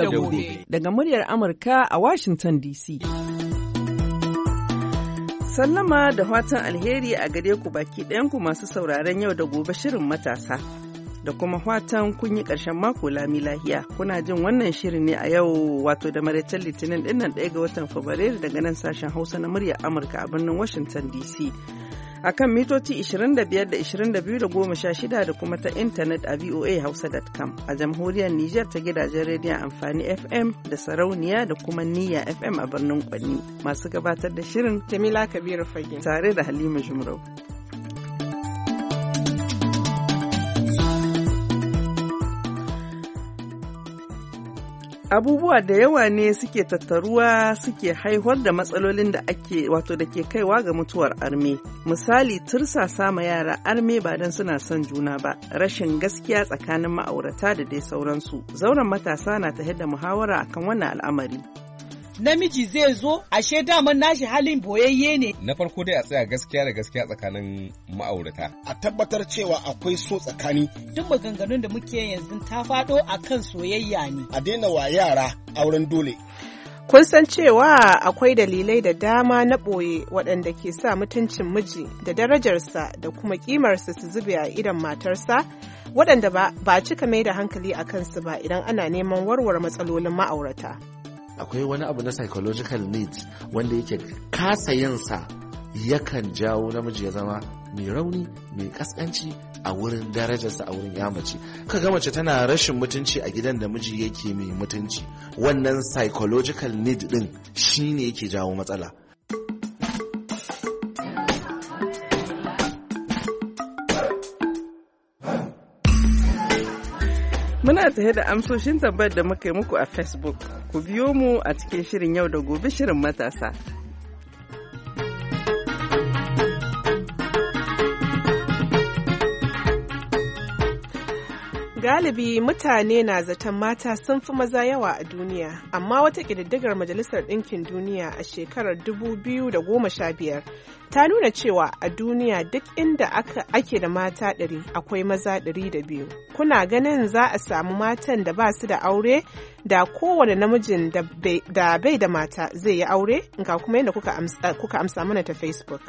da gobe daga muryar Amurka a Washington DC. Sallama da fatan alheri a gare ku baki ku masu sauraron yau da gobe shirin matasa. Da kuma fatan kun yi ƙarshen mako lami lahiya. Kuna jin wannan shirin ne a yau wato da maraicen litinin ɗinnan ɗaya ga watan Fabrairu daga nan sashen Hausa na muryar Amurka a birnin Washington DC. a kan mitoci 25 da 22 da 16 da kuma ta intanet a voahausa.com a jamhuriyar Nijar ta gidajen rediyon amfani FM da sarauniya da kuma niyya FM a birnin Kwanni masu gabatar da shirin tamila Kabiru Fage tare da Halima Jumrau. abubuwa da yawa ne suke tattaruwa suke haihuwar da matsalolin da ake wato da ke kaiwa ga mutuwar arme misali tursasa ma yara arme ba don suna son juna ba rashin gaskiya tsakanin ma'aurata da dai sauransu zauren matasa na ta da muhawara akan wannan al'amari namiji zai zo ashe daman nashi halin boyayye ne. Na farko dai a tsaya gaskiya da gaskiya tsakanin ma'aurata. A tabbatar cewa akwai so tsakani. Duk maganganun da muke yanzu ta faɗo a kan soyayya ne. A daina wa yara auren dole. Kun san cewa akwai dalilai da dama na ɓoye waɗanda ke sa mutuncin miji da darajarsa da kuma ƙimarsa su zube a idan matarsa waɗanda ba cika mai da hankali a kansu ba idan ana neman warware matsalolin ma'aurata. akwai wani abu na psychological needs wanda yake kasa yinsa yakan jawo namiji ya zama mai rauni mai kaskanci a wurin darajarsa a wurin yamace ga mace tana rashin mutunci a gidan da miji yake mai mutunci wannan psychological need din shine yake jawo matsala muna da amsoshin tambayar da muka yi muku a facebook ku biyo mu a cikin shirin yau da gobe shirin matasa Galibi mutane na zaton mata sun fi maza yawa a duniya, amma wata ƙididdigar Majalisar Ɗinkin Duniya a shekarar 2015 ta nuna cewa a duniya duk inda ake da mata ɗari akwai maza ɗari da biyu. Kuna ganin za a samu matan da ba su da aure da kowane namijin da bai da mata zai yi aure ga kuma yadda kuka amsa mana ta Facebook.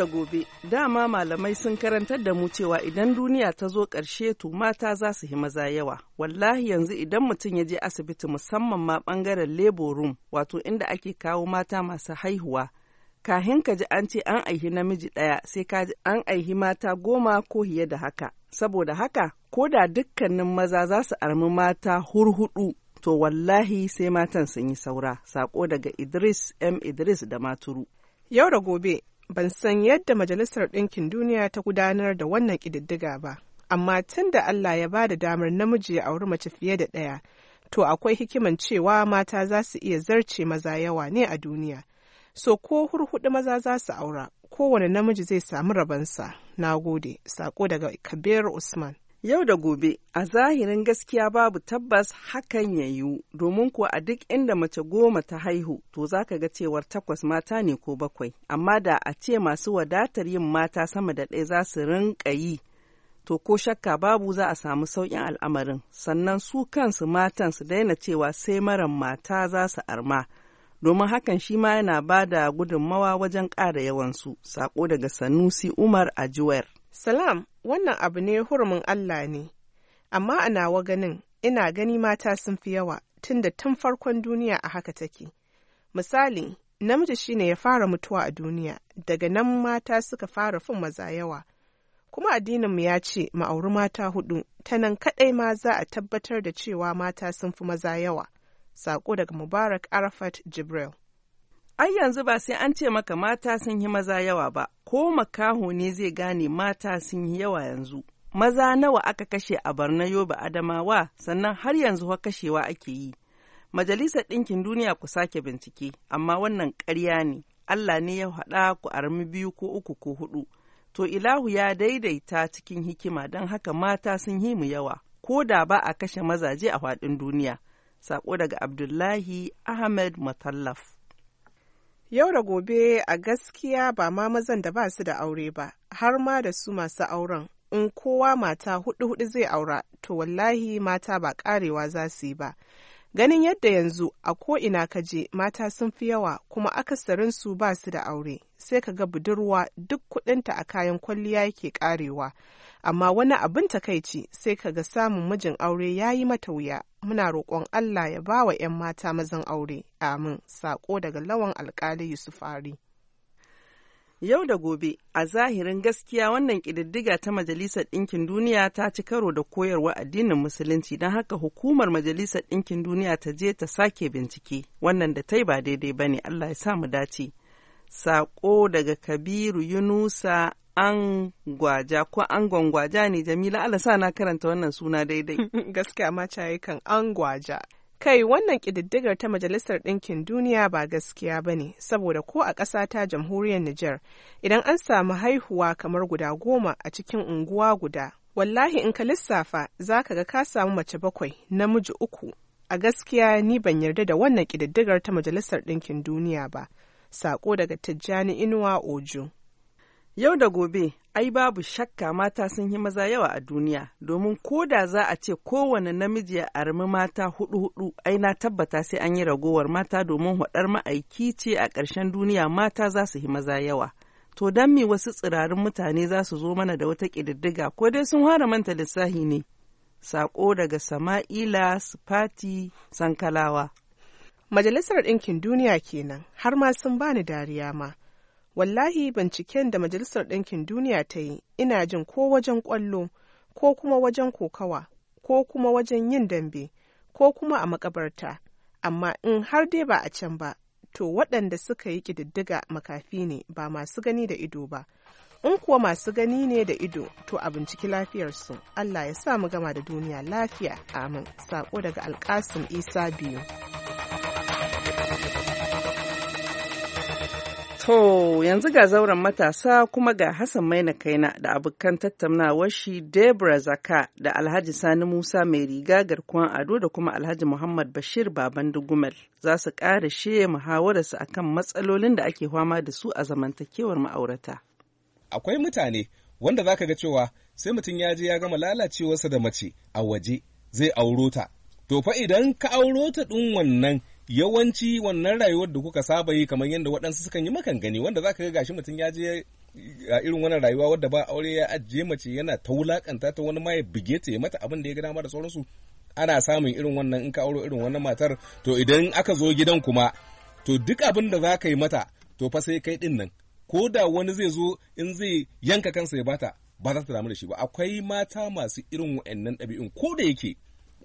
da gobe dama malamai sun karantar da mu cewa idan duniya ta zo ƙarshe to mata za su yi maza yawa wallahi yanzu idan mutum ya je asibiti musamman ma ɓangaren labor room wato inda ake kawo mata masu haihuwa kahin ka ji an ce an aihi namiji ɗaya sai ka ji an aihi mata goma ko hiye da haka saboda haka ko da dukkanin maza za su armi mata hurhudu to wallahi sai matan sun yi saura sako daga idris m idris da maturu Yau da gobe ban san yadda Majalisar Ɗinkin Duniya ta gudanar da wannan ƙididdiga ba, amma tun da Allah ya ba da damar namiji ya auri mace fiye da ɗaya, to akwai hikiman cewa mata za su iya zarce maza yawa ne a duniya. So ko hurhuɗu maza za su aura, kowane namiji zai samu rabansa. Na gode, sako daga Kabir Usman. Yau da gobe, a zahirin gaskiya babu tabbas hakan ya yiwu, domin kuwa a duk inda mace goma ta haihu, to za ka ga cewar takwas mata ne ko bakwai, amma da a ce masu wadatar yin mata sama da ɗaya za su rinka yi, to ko shakka babu za a samu sauƙin al'amarin, sannan su kansu matan su daina cewa sai maran mata za su arma, domin hakan shi ma yana ba da gudunmawa wajen ƙara yawansu, Sako daga Sanusi Umar a Juwer. Salam, wannan abu ne hurumin Allah ne, amma a nawa ganin ina gani mata sun fi yawa tun da tun farkon duniya a haka take. Misali, namiji shine ya fara mutuwa a duniya, daga nan mata suka fara fin maza yawa. Kuma addininmu ya ce ma'auri mata hudu, ta nan kaɗai ma za a tabbatar da cewa mata sun fi maza yawa. saƙo daga Mubarak Arafat Jibril. Ai yanzu ba sai an ce maka mata sun yi maza yawa ba, ko makaho ne zai gane mata sun yi yawa yanzu. Maza nawa aka kashe a Barna yobe Adamawa sannan har yanzu wa kashewa ake yi. Majalisar Ɗinkin Duniya ku sake bincike, amma wannan ƙarya ne, Allah ne ya haɗa ku armi biyu ko uku ko hudu To Ilahu ya daidaita cikin hikima don haka mata sun yi mu yawa, ko da ba a kashe mazaje a faɗin duniya. Sako daga Abdullahi Ahmed Matallaf. Yau da gobe a gaskiya ba ma mazan da ba su da aure ba, har ma da su masu auren. In kowa mata hudu hudu zai aura, to wallahi mata ba karewa za su yi ba. Ganin yadda yanzu a ko'ina je mata sun fi yawa kuma akasarinsu ba su da aure, sai ka ga budurwa duk kudinta a kayan kwalliya yake karewa. amma wani abin takaici sai kaga samun mijin aure ya yi mata wuya muna roƙon Allah ya ba wa 'yan mata mazan aure amin saƙo daga lawan alƙali Yusuf Ari. Yau da gobe, a zahirin gaskiya wannan ƙididdiga ta Majalisar Ɗinkin Duniya ta ci karo da koyarwa addinin Musulunci don haka hukumar Majalisar Ɗinkin Duniya ta je ta sake bincike, wannan da ta yi ba daidai ba ne Allah ya sa mu dace. Saƙo daga Kabiru Yunusa an gwaja ko an gwangwaja ne jamila Allah sa na karanta wannan suna daidai gaskiya ma caye kan an gwaja kai wannan kididdigar ta majalisar ɗinkin duniya ba gaskiya ba ne saboda ko a ƙasa ta jamhuriyar Nijar idan an samu haihuwa kamar guda goma a cikin unguwa guda wallahi in ka lissafa za ka ga ka samu mace bakwai namiji uku a gaskiya ni ban yarda da wannan kididdigar ta majalisar ɗinkin duniya ba sako daga tijjani inuwa ojo Yau da gobe, ai babu shakka mata sun yi maza yawa a duniya, domin ko da za a ce kowane namiji ya armi mata hudu-hudu, ai na tabbata sai an yi ragowar mata domin hudar ma'aiki ce a ƙarshen duniya mata za su yi maza yawa. To don me wasu tsirarin mutane za su zo mana da wata ƙididdiga ko dai sun hara manta lissahi ne. Sako daga Sama'ila Sufati Sankalawa. Majalisar Ɗinkin Duniya kenan, har ma sun bani dariya ma. wallahi binciken da majalisar ɗinkin duniya ta yi ina jin ko wajen ƙwallo ko kuma wajen kokawa ko kuma wajen yin dambe ko kuma a makabarta amma in har dai ba a can ba to waɗanda suka yi ƙididdiga makafi ne ba masu gani da ido ba in kuwa masu gani ne da ido to a binciki lafiyarsu allah ya sa mu gama da duniya lafiya amin saƙo daga alkasin isa biyu To yanzu ga zauren matasa kuma ga Hassan Maina Kaina da abokan tattaunawar shi Debra Zaka da Alhaji Sani Musa mai riga garkuwan ado da kuma Alhaji Muhammad Bashir Baban Dugumel za su ƙara she muhawararsu akan matsalolin da ake fama da su a zamantakewar ma'aurata. Akwai mutane wanda zaka ga cewa sai mutum ya je ya gama lalacewarsa da mace a waje zai auro ta. To fa idan ka auro ta ɗin wannan yawanci wannan rayuwar da kuka saba yi kamar yadda waɗansu sukan yi makan gani wanda zaka ga gashi mutum ya je a irin wannan rayuwa wadda ba aure ya ajiye mace yana ta wulakanta ta wani ma ya bige ta ya mata abin da ya gada mara sauransu ana samun irin wannan in ka auro irin wannan matar to idan aka zo gidan kuma to duk abin da za ka yi mata to fa sai kai din nan ko da wani zai zo in zai yanka kansa ya bata ba za ta damu da shi ba akwai mata masu irin wa'annan ɗabi'un ko da yake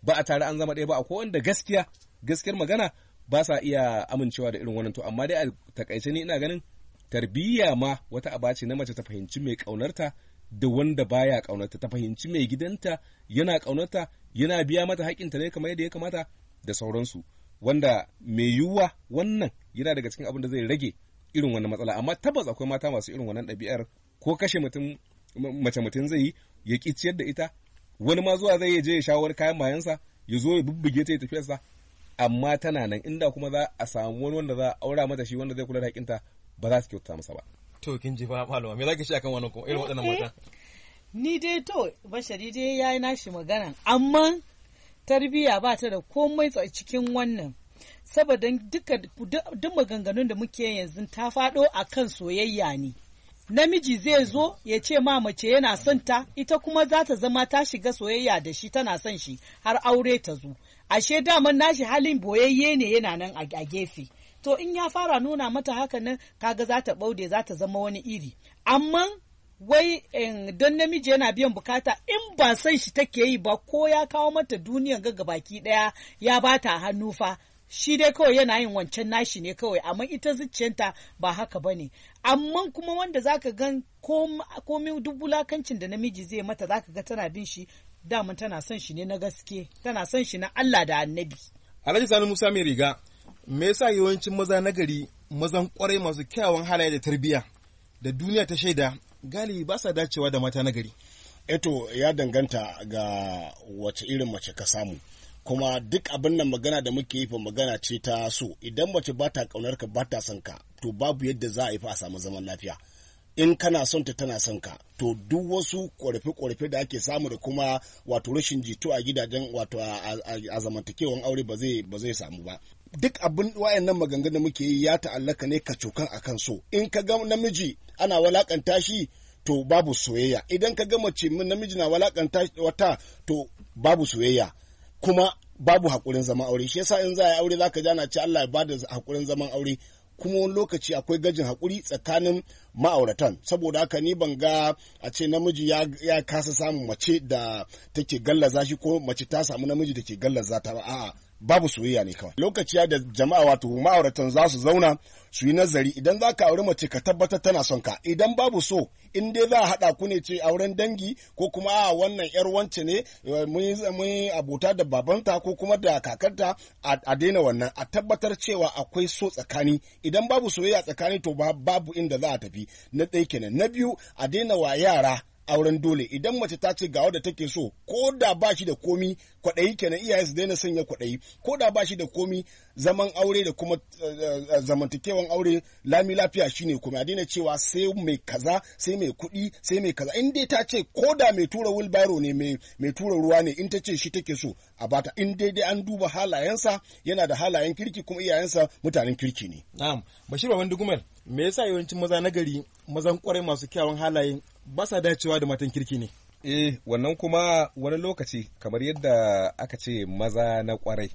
ba a tare an zama ɗaya ba akwai wanda gaskiya gaskiyar magana ba sa iya amincewa da irin wannan to amma dai a takaice ni ina ganin tarbiyya ma wata aba ce na mace ta fahimci mai kaunarta da wanda baya kaunarta ta fahimci mai gidanta yana kaunarta yana biya mata haƙinta ne kamar yadda ya kamata da sauransu wanda mai yiwuwa wannan yana daga cikin abin da zai rage irin wannan matsala amma tabbas akwai mata masu irin wannan ɗabi'ar ko kashe mutum mace mutum zai yi ya ƙi ciyar da ita wani ma zuwa zai je ya shawar kayan mayansa ya zo ya bubbuge ta ya tafiyarsa amma tana nan inda kuma za a samu wani wanda za a aura mata shi wanda zai kula da hakinta ba za su kyauta masa ba to kin ji ba malama me za ki shi akan wannan kuma irin waɗannan eh, mata ni dai to bashari dai yayi nashi magana amma tarbiyya ba ta da komai a cikin wannan saboda duka duk maganganun da muke yanzu ta faɗo akan soyayya ne namiji zai zo ya ce ma mace yana son ta ita kuma za ta zama ta shiga soyayya da shi tana son shi har aure ta zo ashe daman nashi halin boyayye ne yana nan a gefe to in ya fara nuna mata haka nan kaga za ta ɓaude za ta zama wani iri amma wai don namiji yana biyan bukata in ba son shi take yi ba ko ya kawo mata duniyan ga baki ɗaya ya bata hannu fa shi dai kawai yana yin wancan nashi ne kawai amma ita zuciyanta ba haka ba ne amma kuma wanda zaka gan komi duk bulakancin da namiji zai mata zaka ga tana bin shi dama tana son shi ne na gaske tana son shi na Allah da annabi Alhaji Sani Musa mai riga me yasa yawancin maza nagari mazan kwarai masu kyawun halaye da tarbiyya da duniya ta shaida galibi ba sa dacewa da mata nagari eto ya danganta ga wace irin mace ka samu kuma duk abin nan magana da muke yi fa magana ce ta so idan mace ba ta kaunar ka ba ta son ka to babu yadda za a yi fa a samu zaman lafiya in kana son ta tana son ka to duk wasu ƙorafe-ƙorafe da ake samu da kuma wato rashin jito a gidajen wato a zamantakewan aure ba zai ba zai samu ba duk abin wayannan maganganun da muke yi ya ta'allaka ne ka cokan akan so in ka ga namiji ana walakanta shi to babu soyayya idan ka ga mace namiji na walakanta wata to babu soyayya kuma babu haƙurin zaman aure shi yasa in za a yi aure zaka ji ana ce Allah ya da haƙurin zaman aure kuma wani lokaci akwai gajin haƙuri tsakanin ma'auratan saboda haka ni ban ga a ce namiji ya, kasa samun mace da take gallaza shi ko mace ta samu namiji da ke gallaza ta ba a'a babu soyayya ne kawai lokaci da jama'a wato ma'auratan za su zauna su yi nazari idan za ka auri mace ka tabbatar tana son ka idan babu so in dai za a haɗa ku ne ce auren dangi ko kuma a wannan yar wance ne eh, mun yi abota da babanta ko kuma da kakarta a daina wannan a tabbatar cewa akwai so tsakani idan babu soyayya tsakani to babu inda za a tafi na ɗaya kenan na biyu a daina wa yara auren dole idan mace ta ce ga da take so ko da ba shi da komi kwaɗayi kenan iyaye su daina sanya kwaɗayi ko da ba shi da komi zaman aure da kuma eh, eh, zamantakewan aure lami lafiya shine kuma daina cewa sai mai kaza sai mai kuɗi sai mai kaza in dai ta ce ko da mai tura wilbaro ne mai tura ruwa ne in ta ce shi take so a bata in dai dai an duba halayensa yana da halayen kirki kuma iyayensa mutanen kirki ne na'am bashir baban dugumar me yasa yawancin maza na gari mazan kwarai masu kyawun halayen ba sa dacewa da matan kirki ne eh wannan kuma wani lokaci kamar yadda aka ce maza na kwarai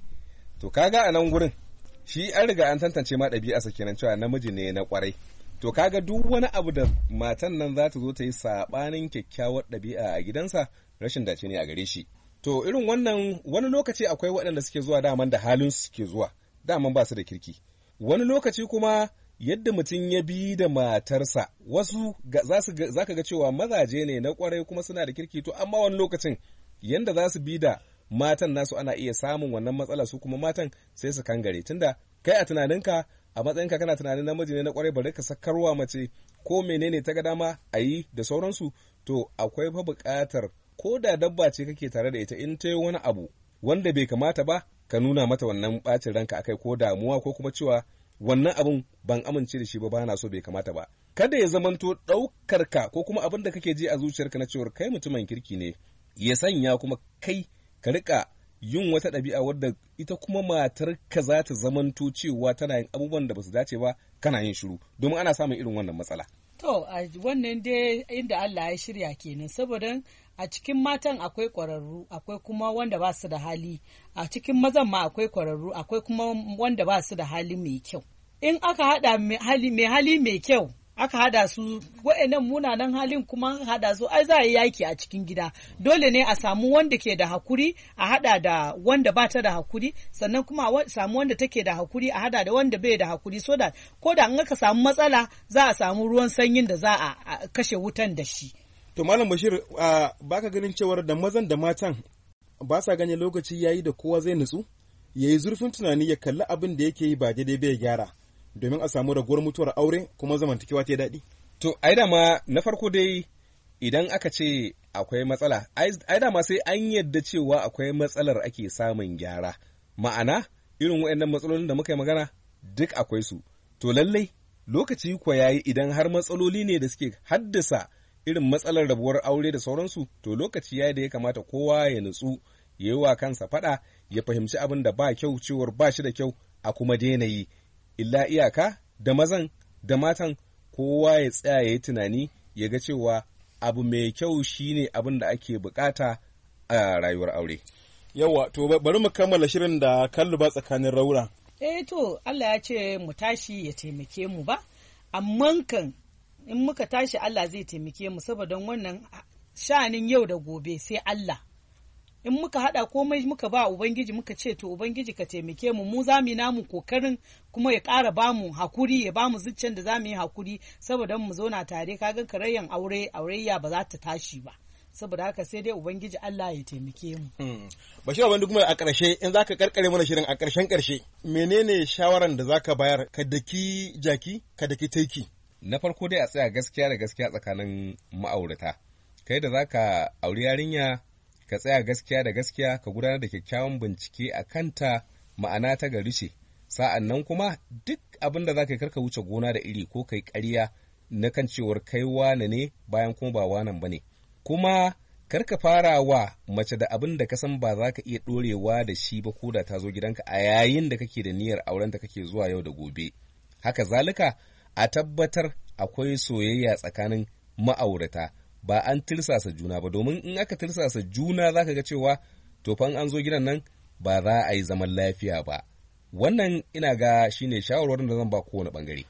to kaga a nan gurin shi an riga an tantance ma ɗabi'arsa kenan cewa namiji ne na kwarai to kaga duk wani abu da matan nan za ta zo ta yi saɓanin kyakkyawar ɗabi'a a gidansa rashin dace ne a gare shi to irin wannan wani lokaci akwai waɗanda suke zuwa daman da halin su suke zuwa daman ba su da kirki wani lokaci kuma yadda mutum ya bi da matarsa wasu za ka ga cewa mazaje ne na kwarai kuma suna da kirki to amma wani lokacin yadda za su bi da matan nasu ana iya samun wannan matsala su kuma matan sai su kangare tunda kai a tunaninka a matsayinka kana tunanin namiji ne na kwarai bari ka sakarwa mace ko menene ta ga dama a yi da sauransu to akwai fa buƙatar ko da dabba ce kake tare da ita in ta yi wani abu wanda bai kamata ba ka nuna mata wannan bacin ranka akai ko damuwa ko kuma cewa wannan abin ban amince da shi ba bana so bai kamata ba kada ya zamanto ɗaukar ka ko kuma abin da kake ji a zuciyarka na cewar kai mutumin kirki ne ya sanya kuma kai ka rika yin wata ɗabi'a wadda ita kuma matar ka za ta zamanto cewa tana yin abubuwan da ba su dace ba kana yin shiru domin ana samun irin wannan matsala. To, wannan dai inda Allah ya shirya kenan saboda a cikin matan akwai kwararru akwai kuma wanda ba su da hali a cikin mazan ma akwai kwararru akwai kuma wanda ba su da hali mai kyau in aka hada mai hali mai kyau aka hada su wa'annan munanan halin kuma aka hada su ai za a yi yaki a cikin gida dole ne a samu wanda ke da hakuri a hada da wanda bata da hakuri sannan kuma a samu wanda take da hakuri a hada da wanda bai da hakuri so da ko da an aka samu matsala za a samu ruwan sanyin da za a kashe wutan da shi to malam bashir ba ka ganin cewar da mazan da matan ba sa ganin lokaci ya yi da kowa zai nutsu ya yi zurfin tunani ya kalli abin da yake yi ba daidai bai gyara domin a samu ragowar mutuwar aure kuma zamantakewa ta daɗi to ai dama na farko dai idan aka ce akwai matsala ai dama sai an yadda cewa akwai matsalar ake samun gyara ma'ana irin waɗannan matsalolin da muka yi magana duk akwai su to lallai lokaci kuwa yi idan har matsaloli ne da suke haddasa irin matsalar rabuwar aure da sauransu to lokaci ya da ya kamata kowa ya nutsu ya yi wa kansa faɗa ya fahimci abin da ba kyau cewar ba shi da kyau a kuma daina yi illa iyaka da mazan da matan kowa ya tsaya ya yi tunani ya ga cewa abu mai kyau shine abin da ake bukata a rayuwar aure yawa to bari mu kammala shirin da ba tsakanin raura eh to Allah ya ce mu tashi ya taimake mu ba amman kan in muka tashi Allah zai taimake mu saboda wannan sha'anin yau da gobe sai Allah in muka hada komai muka ba ubangiji muka ce to ubangiji ka taimake mu mu za mu namu kokarin kuma ya ƙara ba mu hakuri ya ba mu da za mu yi hakuri saboda mu zauna tare kaga karayyan aure aureyya ba za ta tashi ba saboda haka sai dai ubangiji Allah ya taimake mu hmm. bashir abin kuma a ƙarshe in zaka karkare mana shirin a ƙarshen ƙarshe menene shawaran da zaka bayar ka daki jaki ka daki taiki na farko dai a tsaya gaskiya da gaskiya tsakanin ma'aurata kai da zaka ka auri yarinya ka tsaya gaskiya da gaskiya ka gudanar da kyakkyawan bincike a kanta ma'ana ta gari ce sa'an nan kuma duk abin da za yi karka wuce gona da iri ko kai ƙarya na kan cewar kai wane ne bayan kuma ba wanan ba ne kuma karka fara wa mace da abin da ka san ba za ka iya ɗorewa da shi ba ko da ta zo gidanka a yayin da kake da niyyar auren da kake zuwa yau da gobe haka zalika a tabbatar akwai soyayya tsakanin ma'aurata ba an tirsasa juna ba domin in aka tirsasa juna za ka ga cewa to an zo gidan nan ba za a yi zaman lafiya ba wannan ina ga shine shawarwarin da zan ba kowane bangare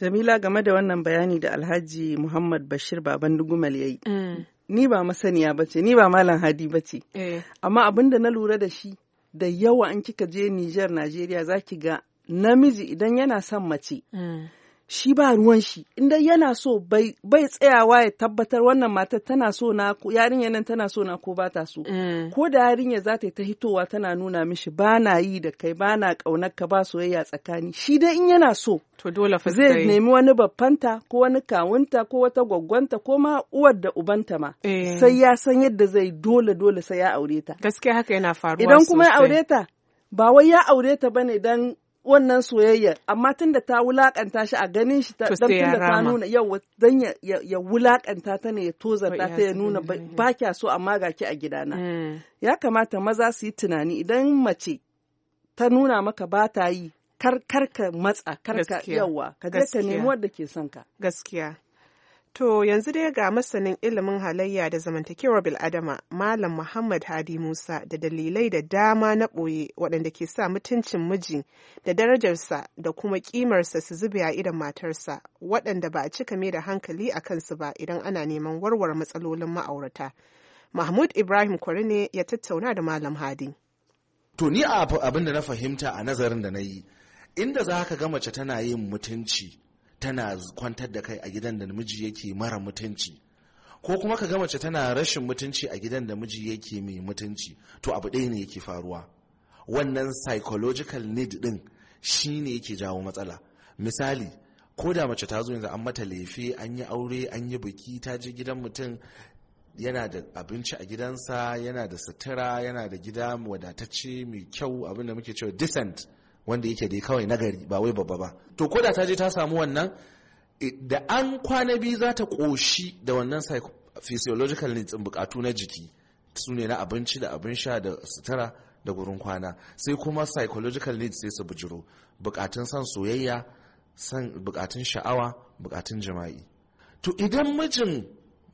jamila game da wannan bayani da alhaji muhammad bashir baban dugumal ya yi mm. ni ba masaniya ba ce ni ba malam hadi ba ce eh. amma abin da na lura da shi da yawa an kika je nijar najeriya za ki ga namiji idan yana son mace mm. shi ba ruwan shi inda yana so bai tsayawa ya tabbatar wannan matar tana so na yarinya nan tana so na ko ba ta so mm. ko da yarinya za ta yi ta hitowa tana nuna mishi ba na yi da kai ba na kaunar ka ba soyayya tsakani shi dai in yana so to dole fa zai nemi wani babbanta ko wani kawunta ko wata gwaggwanta ko ma uwar da ubanta ma eh. sai ya san yadda zai dole dole sai ya aure ta gaskiya haka yana faruwa idan kuma ya aure ta ba wai ya aure ta bane dan wannan soyayya, amma tun da ta wulakanta shi a ganin shi ta tun da ta nuna yau dan ya wulakanta ta ne ya tozarta ta ya nuna ba kya so amma ga ki a gidana eh. ya kamata maza su yi tunani idan mace ta nuna maka ba ta yi kar ka matsa kar ka yawa ka je ka nemi wanda ke son ka gaskiya To yanzu dai ga masanin ilimin halayya da zamantakewar bil'adama Malam Muhammad Hadi Musa da dalilai da dama na ɓoye waɗanda ke sa mutuncin miji da darajarsa da kuma ƙimarsa su zube a idan matarsa waɗanda ba a cika mai da hankali a kansu ba idan ana neman warware matsalolin ma'aurata. Mahmud Ibrahim Kwarine ya tattauna da Malam Hadi. To ni abin da na fahimta a nazarin da na yi, inda za ka ga mace tana yin mutunci tana kwantar da kai a gidan da namiji yake mara mutunci ko kuma ka ga mace tana rashin mutunci a gidan da miji yake mai mutunci to abu ɗaya ne yake faruwa wannan psychological need ɗin shi ne yake jawo matsala misali ko da mace ta zo yanzu an mata laifi, an yi aure an yi biki ta je gidan mutum yana da abinci a gidansa yana da sutura yana da gida wadatacce mai kyau abin da muke cewa decent wanda yake dai kawai nagari ba wai babba ba to ko da ta je ta samu wannan eh, da an kwana biyu za ta ƙoshi da wannan physiological needs bukatu na jiki Sune na abinci da abin sha da sutura da gurin kwana sai kuma psychological needs sai su bujiro bukatun san soyayya san bukatun sha'awa bukatun jima'i to idan mijin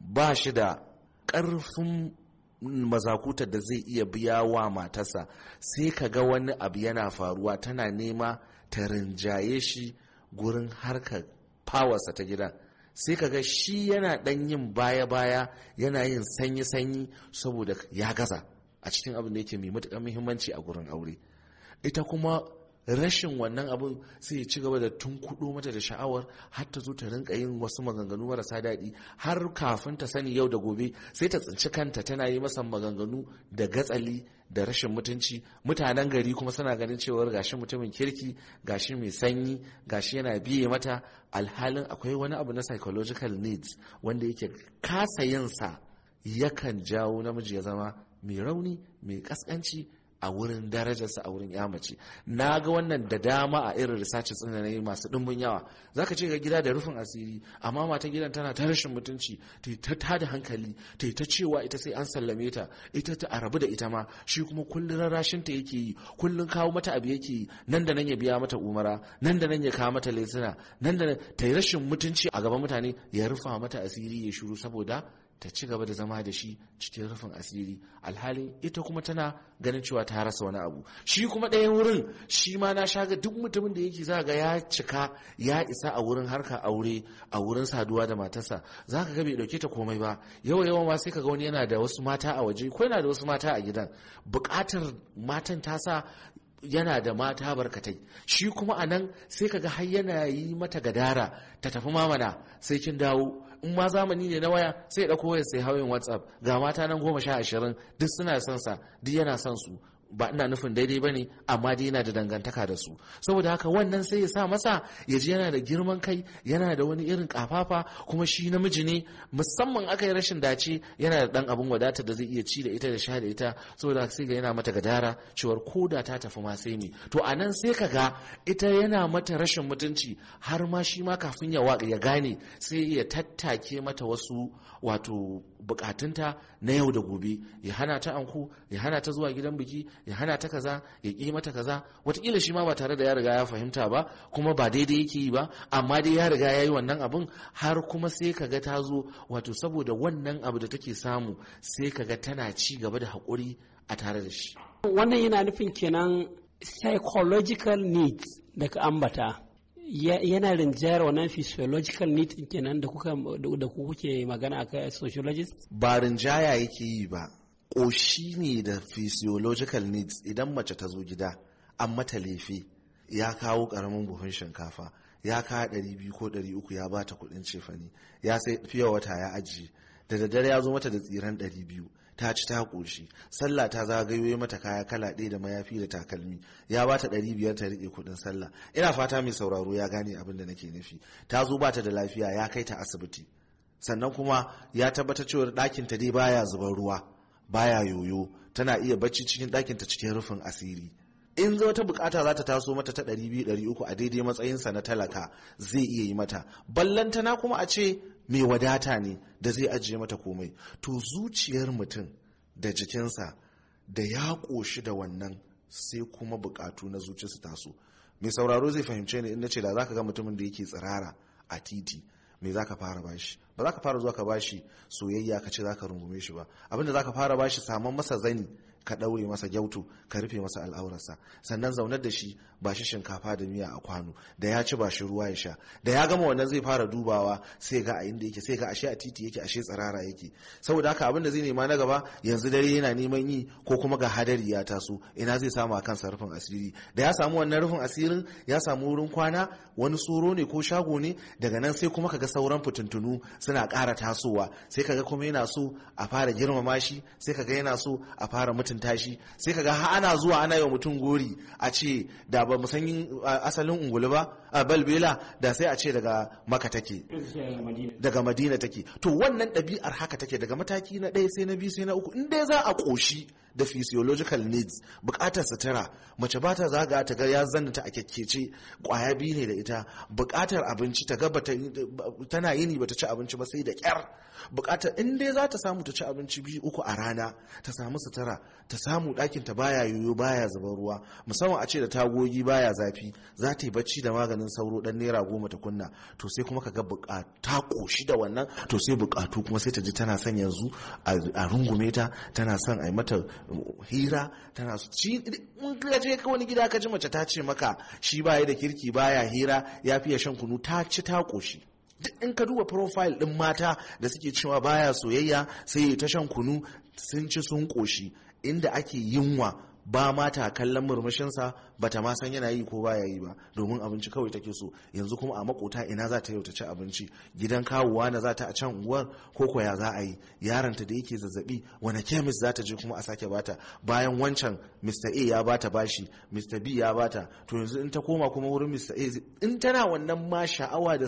ba shi da ƙarfin mazakutar da zai iya biya wa matarsa sai ka ga wani abu yana faruwa tana nema ta rinjaye shi gurin harkar fawarsa ta gida sai ka ga shi yana ɗan yin baya-baya yana yin sanyi-sanyi saboda ya gaza a cikin abin da yake mai matuƙar muhimmanci a gurin aure ita kuma rashin wannan abin sai ya ci gaba da tunkuɗo mata da sha'awar har ta zo ta rinka yin wasu maganganu marasa daɗi har kafin ta sani yau da gobe sai ta tsinci kanta tana yi masa maganganu da gatsali da rashin mutunci mutanen gari kuma suna ganin cewar gashi mutumin kirki gashi mai sanyi gashi yana biye mata alhalin akwai wani abu na psychological needs wanda yake kasa yinsa yakan jawo namiji ya zama mai rauni mai kaskanci a wurin darajarsa a wurin ya mace na ga wannan da dama a irin researches ɗin na yi masu ɗimbin yawa za ka ce ga gida da rufin asiri amma matan gidan tana ta rashin mutunci ta yi ta tada hankali ta yi ta cewa ita sai an sallame ta ita ta arabu da ita ma shi kuma kullum rarashin ta yake yi kullum kawo mata abu yake yi nan da nan ya biya mata umara nan da nan ya kawo mata lesuna nan da nan ta yi rashin mutunci a gaban mutane ya rufa mata asiri ya shiru saboda ta ci gaba da zama da shi cikin rufin asiri Alhali ita kuma tana ganin cewa ta rasa wani abu shi kuma ɗaya wurin shi ma na shaga duk mutumin da yake zaga ya cika ya isa a wurin harka aure a wurin saduwa da matarsa za ka ga bai ɗauke ta komai ba yawa yawa ma sai ka ga wani yana da wasu mata a waje ko yana da wasu mata a gidan buƙatar matan ta sa yana da mata barkatai shi kuma a nan sai ga har yana yi mata gadara ta tafi mamana sai kin dawo in ma zamani ne na waya sai ya ɗauko waya sai hawin whatsapp ga mata nan goma sha ashirin duk suna son sa duk yana son su ba ina nufin daidai ba ne amma dai yana da dangantaka da su saboda haka wannan sai ya sa masa ya ji yana da girman kai yana da wani irin kafafa kuma shi namiji ne musamman aka yi rashin dace yana da dan abin wadatar da zai iya ci da ita da sha da ita saboda haka sai ga yana mata gadara cewar ko da ta tafi ma sai ni to a nan sai ka ga ita yana mata rashin mutunci har ma shi ma kafin ya ya gane sai ya tattake mata wasu wato bukatunta na yau da gobe ya hana ta anko ya hana ta zuwa gidan biki ya hana ta kaza ya ƙi mata kaza wataƙila shi ma ba tare da ya riga ya fahimta ba kuma ba daidai yake yi ba amma dai ya riga ya yi wannan abin har kuma sai kaga ta zo wato saboda wannan abu da take samu sai kaga tana ci gaba da haƙuri a tare da shi wannan yana nufin kenan psychological needs da ka ambata yana rinjayar wannan physiological needs kenan da kuka da kuke magana akai sociologist ba rinjaya yake yi ba ƙoshi ne da physiological needs idan mace ta zo gida an mata laifi ya kawo ƙaramin buhun shinkafa ya kawo ɗari biyu ko ɗari uku ya bata kuɗin cefani ya sai fiye wata ya ajiye da daddare ya zo mata da tsiran ɗari biyu ta ci ta ƙoshi sallah ta zagayo mata kaya kala ɗaya da mayafi da takalmi ya ba ta ɗari biyar ta riƙe kuɗin sallah ina fata mai sauraro ya gane abin da nake nufi ta zo ba ta da lafiya ya kai ta asibiti sannan kuma ya tabbatar cewa ɗakin ta dai baya zubar ruwa baya yoyo tana iya bacci cikin ɗakinta cikin rufin asiri in zo wata bukata za ta taso mata ta 200-300 a daidai matsayinsa na talaka zai iya yi mata ballantana kuma a ce mai wadata ne da zai ajiye mata komai to zuciyar mutum da jikinsa da ya ƙoshi da wannan sai kuma bukatu na su taso mai sauraro zai fahimce ni in na ce da za ka ga mutumin da yake tsirara a titi me za ka fara bashi ba za ka fara zuwa ka bashi soyayya ka ce za ka rungume shi ba abinda za ka fara bashi saman masa zani ka ɗaure masa gyautu ka rufe masa al'aurarsa sannan zaunar da shi ba shi shinkafa da miya a kwano da ya ci ba shi ruwa ya sha da ya gama wannan zai fara dubawa sai ga a inda yake sai ga ashe a titi yake ashe tsirara yake saboda haka abin da zai nema na gaba yanzu dare yana neman yi ko kuma ga hadari ya taso ina zai samu a kansa rufin asiri da ya samu wannan rufin asirin ya samu wurin kwana wani tsoro ne ko shago ne daga nan sai kuma kaga sauran fitintunu suna ƙara tasowa sai kaga kuma yana so a fara girmama shi sai kaga yana so a fara mutu mutum tashi sai kaga ha ana zuwa ana yi wa mutum gori a ce da ba mu san asalin ungulu ba a balbela da sai a ce daga maka take daga madina take to wannan ɗabi'ar haka take daga mataki na ɗaya sai na biyu sai na uku in dai za a ƙoshi da physiological needs bukatar sutura mace ba ta zaga ta ga ya zanna ta a kyakkece kwaya biyu ne da ita bukatar abinci ta gaba tana yini bata ci abinci ba sai da kyar bukatar in dai za ta samu ta ci abinci biyu uku a rana ta samu sutura ta samu ɗakin ta baya yoyo baya zubar ruwa musamman a ce da tagogi baya zafi za ta yi bacci da maganin sauro dan naira goma ta kunna to sai kuma ka ga ta koshi da wannan to sai bukatu kuma sai ta ji tana son yanzu a rungume ta tana son a yi mata hira tana su shi in ka je ka wani gida ka ji mace ta ce maka shi baya da kirki baya hira ya fiye shan kunu ta ci ta koshi duk in ka duba profile din mata da suke cewa baya soyayya sai ta shan kunu sun ci sun koshi inda ake yinwa ba mata ta kallon murmushinsa ba ta ma san yana yi ko baya yi ba domin abinci kawai take so yanzu kuma a makota ina za ta yauta ci abinci gidan kawuwa na za ta a can unguwar ko ko ya za a yi yaronta da yake zazzabi wani kemis za ta je kuma a sake bata bayan wancan Mr. A ya bata bashi Mr. B ya bata to yanzu in ta koma kuma wurin Mr. A in tana wannan ma sha'awa da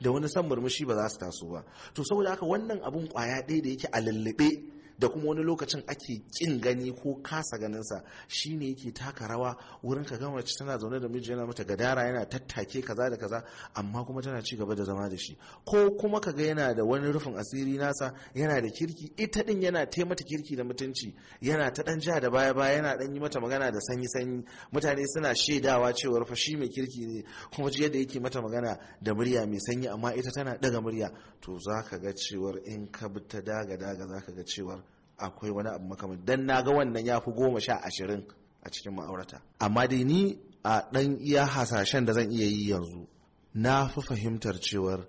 da wani san murmushi ba za su taso ba to saboda haka wannan abun kwaya ɗaya da yake a lallabe da kuma wani lokacin ake kin gani ko kasa ganinsa shine yake taka rawa wurin ka gama tana zaune da miji yana mata gadara yana tattake kaza da kaza amma kuma tana ci gaba da zama da shi ko kuma ka ga yana da wani rufin asiri nasa yana da kirki ita din yana taimata kirki da mutunci yana ta dan ja da baya baya yana dan yi mata magana da sanyi sanyi mutane suna shaidawa cewa fa shi mai kirki ne kuma yadda yake mata magana da murya mai sanyi amma ita tana daga murya to zaka ga cewar in ka bi ta daga daga zaka ga cewar akwai wani abu makamai dan na ga wannan ya fi goma sha ashirin a cikin ma'aurata amma dai ni a ɗan iya hasashen da zan iya yi yanzu na fi fahimtar cewar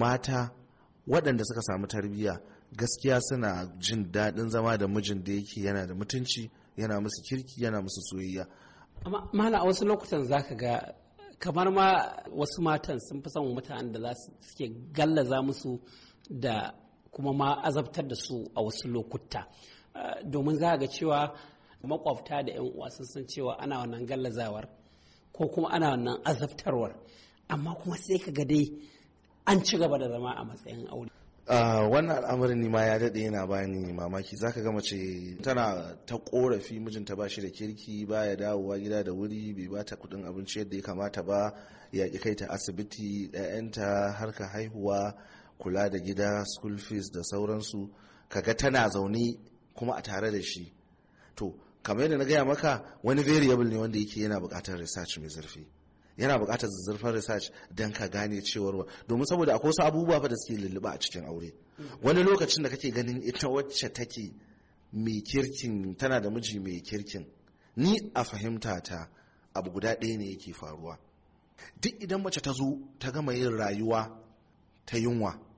mata waɗanda suka samu tarbiyya gaskiya suna jin daɗin zama da mijin da yake yana da mutunci yana musu kirki yana musu soyayya amma a wasu lokutan za ka ga kamar ma wasu matan sun fi son mutanen da za su suke gallaza musu da kuma ma azabtar da su a wasu lokuta ah, domin za ga cewa makwabta da 'yan uwa sun san cewa ana wannan gallazawar ko kuma ana wannan azabtarwar amma kuma sai ka ga dai an ci gaba da zama a matsayin aure ah, wannan al'amarin ni ma ya daɗe yana bani mamaki Za ka ga mace tana ta korafi mijinta ba shi da kirki ba ya dawowa gida da wuri bai ba ta kuɗin abinci yadda ya kamata ba ya kai ta asibiti ɗayanta harka haihuwa kula da gida school fees da sauransu kaga tana zaune kuma a tare da shi to kamar yadda na gaya maka wani variable ne wanda yake yana buƙatar research mai zurfi yana buƙatar zurfin research don ka gane cewar wa. domin saboda akwai wasu abubuwa fa da suke lulluɓa a cikin aure mm. wani lokacin da kake ganin ita wacce take mai kirkin tana da miji mai kirkin ni a fahimta ta abu guda ɗaya ne yake faruwa duk idan mace ta zo ta gama yin rayuwa ta yunwa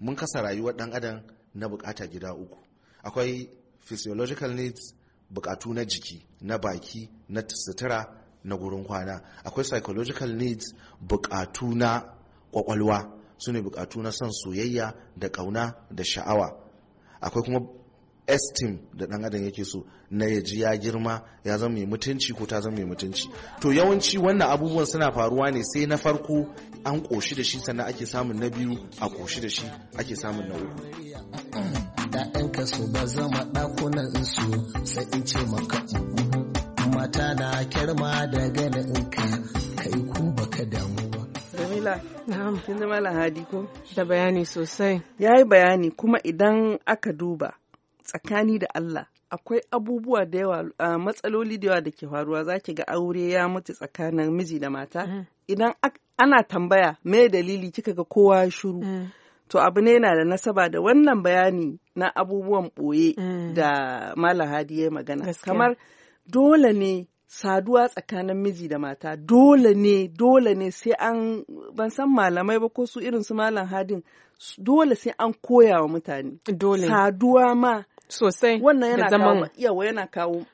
mun kasa rayuwar dan adam na bukata gida uku akwai physiological needs bukatu na jiki na baki na sutura na gurin kwana akwai psychological needs bukatu na kwakwalwa su ne bukatu na son soyayya da kauna da sha'awa akwai kuma esteem da dan adam yake so na ya ji ya girma ya zama mai mutunci ko ta zama mai mutunci to yawanci wannan abubuwan suna faruwa ne sai na farko an koshi da shi sannan ake samun na biyu a koshi da shi ake samun na uku ɗan su ba zama ɗakunan su sai in ce maka mata na kirma daga in ka kai ba baka damu Jamila, na'am, kin zama lahadi ko? Da bayani sosai. Ya yi bayani kuma idan aka duba tsakani da Allah akwai abubuwa da yawa matsaloli da yawa da ke faruwa za ki ga aure ya mutu tsakanin miji da mata mm. idan ana tambaya me dalili kika ga kowa shuru mm. to abu ne yana da nasaba da wannan bayani na abubuwan boye mm. da Hadi ya magana kamar dole ne saduwa tsakanin miji da mata dole ne dole ne sai an ban san malamai ba ko su irin su malam hadin dole sai an koya wa mutane saduwa ma sosai wannan yana kawo yawa yana kawo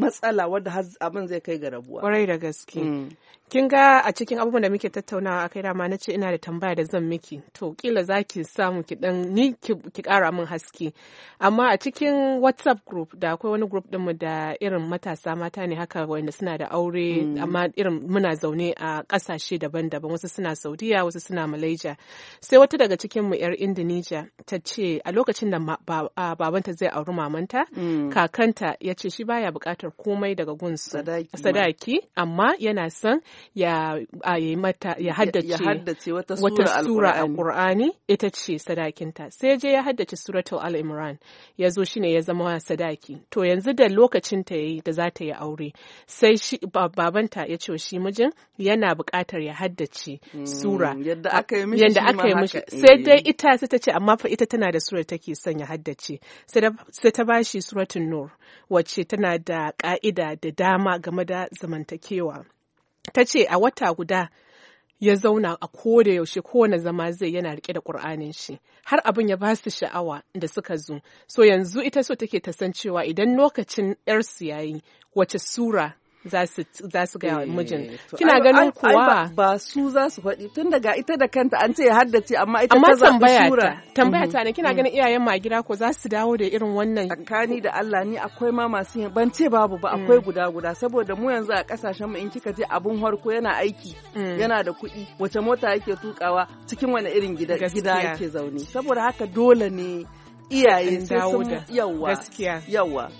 matsala wadda abin zai kai ga rabuwa kwarai da gaske mm. kin ga a cikin abubuwan da muke tattaunawa akai dama na ce ina da tambaya da zan miki to kila zaki samu ki dan ni ki kara min haske amma a cikin whatsapp group da akwai wani group dinmu da irin matasa mata ne haka wanda suna da aure mm. amma irin muna zaune a kasashe daban-daban wasu suna saudiya wasu suna malaysia sai wata daga cikin mu yar indonesia ta ce a lokacin da babanta zai auri mamanta mm. kakanta ya ce shi baya bukatar komai daga gun sadaki amma yana son ya haddace wata sura a Qur'ani ita ce sadakinta sai je ya haddace suratul al-imran ya zo shine ya zama sadaki to yanzu da lokacin ta yayi da za ta yi aure sai shi babanta ya ce shi mijin yana bukatar ya haddace mm, sura yadda aka yi mishi sai dai eh. ita sai ta ce amma fa ita tana da sura take son ya haddace sai da sai ta bashi suratun nur wacce tana da ƙa'ida da dama game da zamantakewa ta ce a wata guda ya zauna a koda yaushe kowane zama zai yana rike da ƙur'anin shi har abin ya basu sha'awa da suka zo so yanzu ita so take ta san cewa idan lokacin yarsu yayi wace sura za su ga mijin eh, kina ganin kuwa ba su za su faɗi tun daga ita da kanta an ce haddace amma ita ta zaɓi sura tambaya ta ne mm-hmm. kina ganin mm-hmm. iyayen magira ko za su dawo da irin wannan tsakani da Allah ni akwai ma masu yin ban ce babu ba akwai mm. guda guda saboda mu yanzu a kasashen mu in kika je abun harko yana aiki mm. yana da kuɗi wace mota yake tukawa cikin wani irin gida yake zaune saboda haka dole ne iyaye sai sun yawa yawa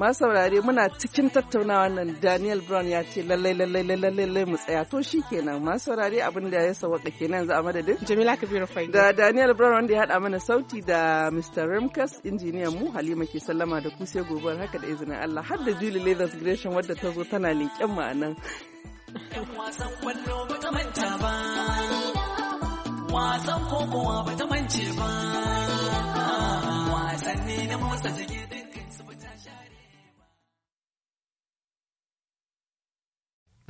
masu saurari muna cikin tattaunawa nan daniel brown ya ce lallai lallai lallai lallai mu tsaya to shi kenan masu saurari abin da ya sawaka kenan za a madadin jamila kabiru fai da daniel brown wanda ya hada mana sauti da mr Remkes injiniyan mu halima ke sallama da ku sai gobe haka da izinin allah har da juli leathers gresham wadda ta zo tana leƙen mu a nan wasan ba ta na motsa jiki